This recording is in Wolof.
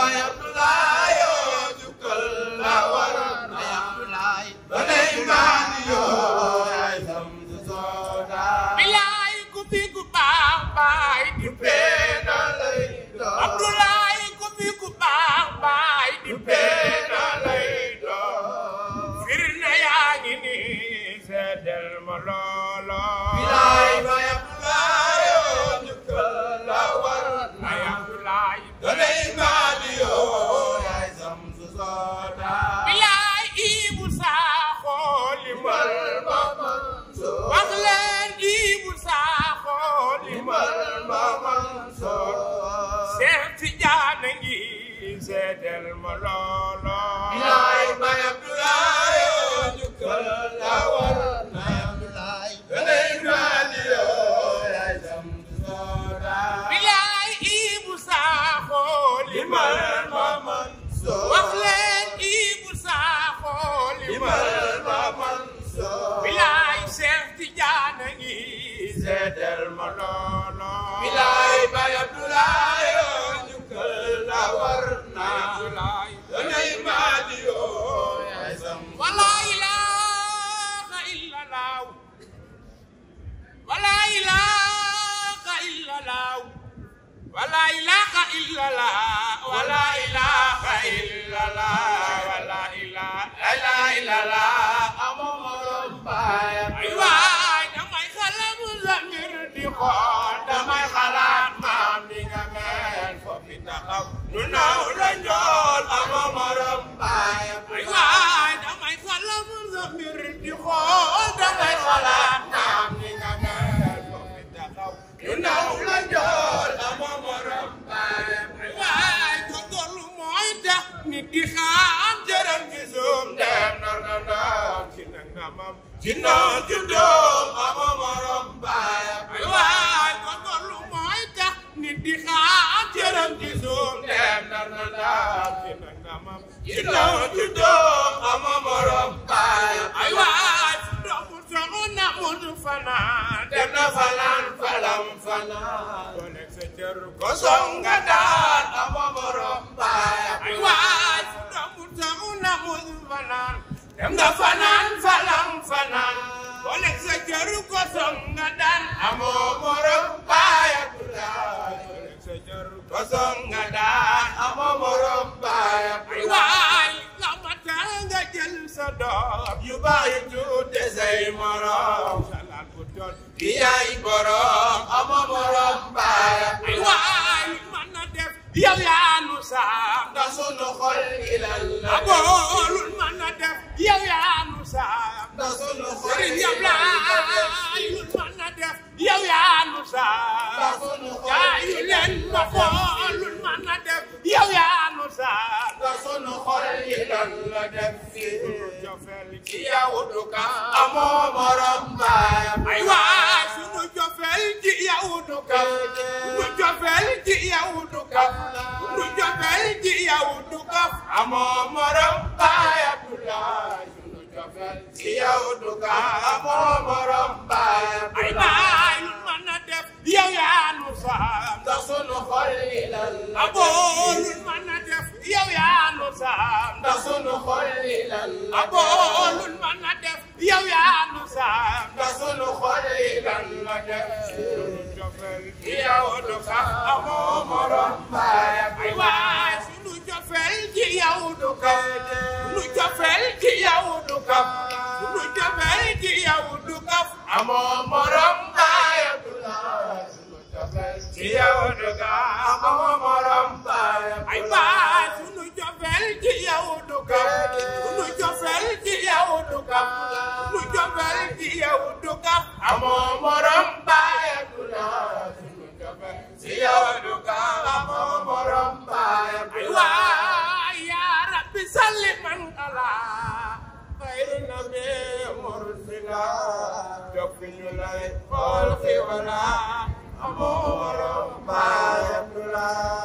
baayam ji seetal ma lool ولا إله إلا الله ولا إله إلا الله ولا إله إلا الله jinna nga maam jinna juddoo mama morom baayam ay waay kon lu mooy tax nit di xaar cëram ci suuf dem nar na ndaam jinna nga maam jinna juddoo mama morom baayam ay waay doomu soxu na mutu fanaan dem na fanaan falam fanaan ko nekk sa cër ko songa daan mama morom baayam ay waay doomu soxu na mutu fanaan dem na fanaan fanaan boole sa baay Abdoulaye boole nga jël sa yu baax yu tuute say morom yaay borom amoo morom baay Abdoulaye man na def yow yaa nu saa nga sunu ilal la aboolul man na nu saa sëriñ Ablaay lu mën a def yow yaa nu saal yaayu leen ma xool lu mën a def yow yaa nu saal sunu xol yi lan la def ci jofel ci yow du ka amoo morom baayam ay waay sunu jofel ci yow du ka sunu jofel ci yow du ka sunu jofel ci yow du ka amoo morom ci yow du ka moo borom baayam ay baay lu mën a def yow yaa nu saam ndax sunu xol yi lan la aboo lu mën a def yow yaa nu saam ndax sunu xol yi lan la aboo lu mën a def yow yaa nu saam ndax sunu xol yi lan la def ci yow du ka moo borom baayam ay baay sunu jofel ci yow du ka lu jofel kaf sunu cofeel ci yow du kaf amoo morom baay Abdoulaye sunu cofeel ci yow du kaf amoo morom baay ay baay sunu cofeel ci yow du kaf sunu cofeel ci yow du kaf sunu cofeel ci yow du kaf amoo morom baay Abdoulaye sunu cofeel ci yow du kaf amoo morom baay Abdoulaye ya rabbi sallim la topp ñu lay xool xiwala amoo waroon baax la